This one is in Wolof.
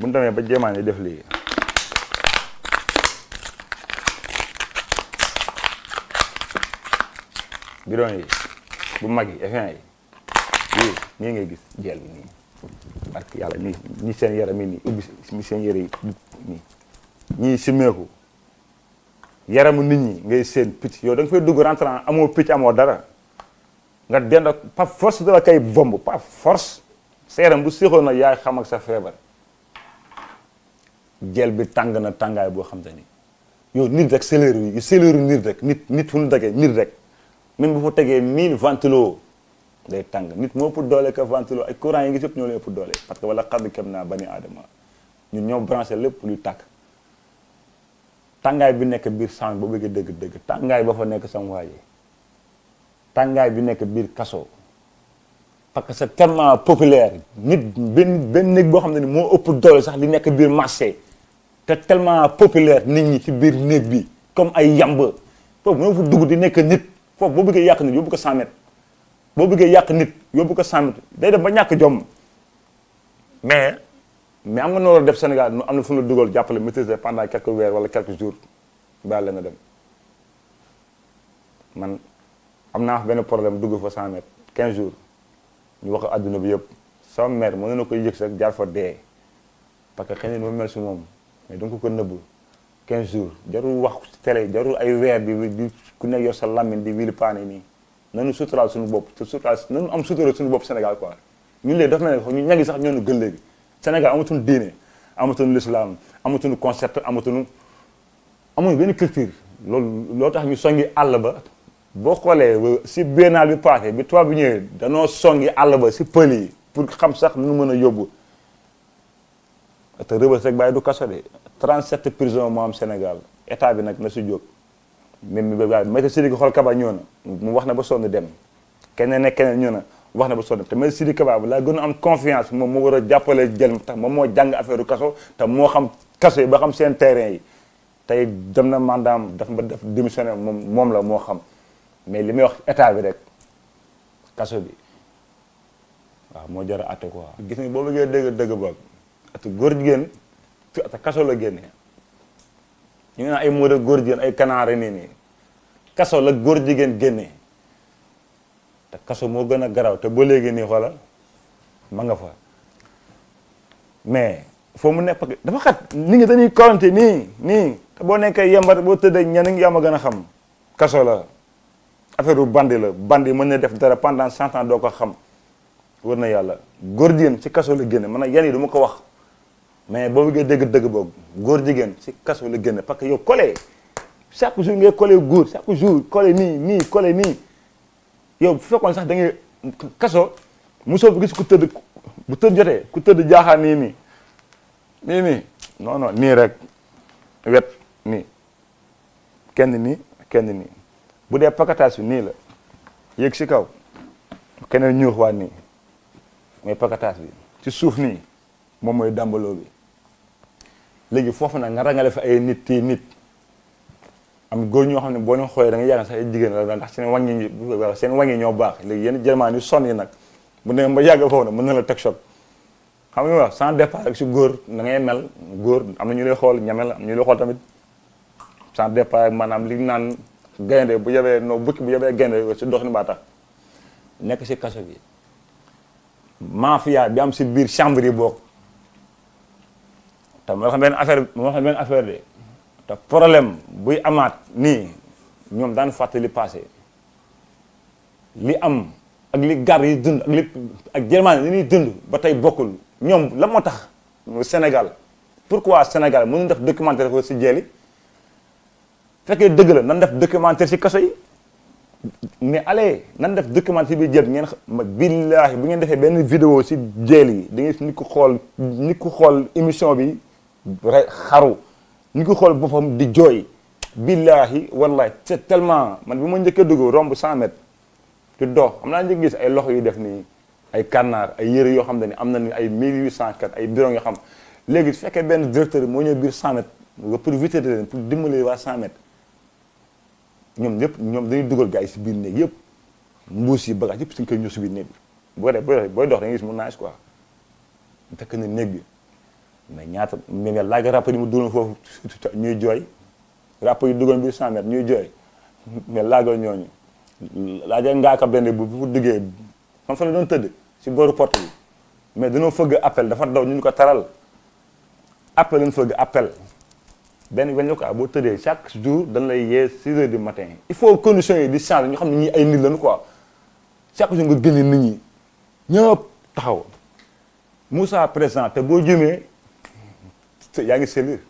bu demee ba jéemaane def lii yi bu mag yi effet yi yii nii ngay gis jeel bi nii yàlla nii seen yaram yi nii ubbi seen yére yi nii ñii simmeeku yaramu nit ñi ngay seen picc yow da fay dugg rentrant amoo picc amoo dara nga dend par force da kay bomb par force sa yaram bu séexoon nag yaay xam ak sa feebar jel bi tàng na tàngaay boo xam te ni yow nit rek céléru yi céléru nit rek nit nit fu ñu dagee nit rek même bu fa tegee mille ventilo day tàng nit moo ëpp doole que ventilo ay courant yi ngi yëpp ñoo leen ëpp doole parce que wala xadd naa bani aadama ñun ñoo branché lépp luy tàkk tàngaay bi nekk biir sang ba dëgg dëgg tàngaay ba fa nekk sam waaye tàngaay bi nekk biir kaso parce que c'est tellement populaire nit benn benn néeg boo xam ne ni moo ëpp doole sax li nekk biir marché te tellement populaire nit ñi ci biir néeg bi comme ay yamba foofu mënoo fa dugg di nekk nit foofu boo bëggee yàq nit yóbbu ko 100 mètres boo bëggee yàq nit yóbbu ko 100 day dem ba ñàkk jom mais mais am nga noonu def Sénégal am na fu ñu la dugal jàppale maîtriser pendant quelques weer wala quelques jours baal la nga dem man am naa benn problème dugg fa 100 mètres jours ñu wax adduna bi yëpp sama mère mën na ko yëg sax jaar fa dee parce que xëy na ma mel si moom. mais donc ko nëbb 15 jours jarul wax tele jarul ay weer bi di ku nekk yor sa lamine di wili paane nii nanu suturaal suñu bopp te suturaal nanu am sutura suñu bopp Sénégal quoi ñun léegi dafa mel ne ñu ñagi sax ñoonu gën Sénégal amatuñu diine amatuñu lislaam amatuñu concept amatuñu amuñu benn culture loolu loo tax ñu songi àll ba boo xoolee si biennale bi paase bi tubaab bi ñëwee danoo songi àll ba si pël yi pour xam sax nu mën a yóbbu te rëbës rek bàyyi du kaso de 37 prison moo am Sénégal état bi nag na si jóg même bi ba maître Sidiki xool kaba ñëw mu wax na ba sonn dem keneen ne keneen na wax na ba sonn te maître Sidiki Kaba laa gën a am confiance moom mu war a jàppale jël tax moom moo jàng affaire kaso te moo xam kaso yi ba xam seen terrain yi tey dem na mandam daf ma def démissionné moom moom la moo xam mais li may wax état bi rek kaso bi waaw moo jar a àtte quoi gis nga boo bëggee dëgg dëgg ba atu góor jigéen tu ata kaso la génne ñu ngi naan ay móoda góor jigéen ay kanaare nii nii kaso la góor jigéen génne te kaso moo gën a garaw te ba léegi nii xoolal ma nga fa mais foo mu nekk dafa xat nit ñi dañuy korante nii nii te boo nekkee yembar boo tëddee ñeneen yaa ma gën a xam kaso la affaire bandi la bandi mën na def dara pendant cent ans doo ko xam war na yàlla góor jigéen ci kaso la génne man a yan yi du ma ko wax mais boo bëggee dégg dëgg boobu góor jigéen si kaso la génn parce que yow collé chaque jour ngay collé góor chaque jour collé nii nii collé nii yow bu fekkoon sax da ngay kaso mosoo bu gis ku tëdd bu tëdd jotee ku tëdd jaaxaan nii nii nii nii nii rek wet nii kenn nii kenn nii bu dee pakataas bi nii la yéeg si kaw keneen ñuux waat nii mais pakataas bi ci suuf nii moom mooy dàmbaloo bi léegi foofu nag nga rangale fa ay nit tii nit am góor ñoo xam ne boo leen xoolee da nga yàgg sax ay jigéen la ndax seen wàññi seen wàññi ñoo baax léegi yéen jërmaan yu son yi nag bu ne ba yàgg foofu nag mën na la teg choc xam nga wax sans départ si góor na mel góor am na ñu lay xool ñamel am ñu lay tamit sans départ maanaam li naan gaynde bu yabee noo bukki bu yebee gaynde si doxin baa tax nekk si kaso bi mafia bi am si biir chambre yi bokk te moo xam benn affaire moo xam benn affaire de te problème buy amaat nii ñoom daan fàttali passé li am ak li gar yi dund ak li ak Germanie li ñuy dund ba tey bokkul ñoom la moo tax Sénégal pourquoi Sénégal mënuñ def documentaire ko si jeel yi fekkee dëgg la nan def documentaire si kaso yi mais allez nan def documentaire bi jël ngeen ma billaahi bu ngeen defee benn vidéo si jeel yi da ngeen nit ku xool nit ku xool émission bi re xaru ñu ko xool boppam di jooy billahi wallahi c'est tellement man bi ma njëkkee dugg romb 100 mètres di dox am naa njëkk gis ay loxo yu def nii ay kànnaar ay yëre yoo xam ne am na ni ay yu 1804 ay bidon yoo xam léegi su fekkee benn directeur moo ñëw biir 100 mètres nga pour visiter waa 100 ñoom ñëpp ñoom dañuy dugal gars yi si biir néeg yëpp mbuus yi bagage yëpp suñ koy ñëw si biir néeg bi boo dee booy dox da nga gis mu naaj quoi fekk na néeg bi mais ñaata mais nga laaj rappeur mu dugaloon foofu ñuy jooy rappeur yi dugaloon biir 100 ñuy jooy mais laajal ñooñu laajal ngaaka benn bu bu duggee man fa doon tëdd si booru pot bi mais dañoo fëgg appel dafa daw ñu ñu ko taral appel lañ fëgg appel benn benn quoi boo tëddee chaque jour dañ la yee 6 heures du matin il faut conditions yi di changer ñu xam ne ñii ay nit lañu quoi chaque jour nga génne nit ñu ñëpp taxaw Moussa présent te boo jëmee. yaa ngi sëli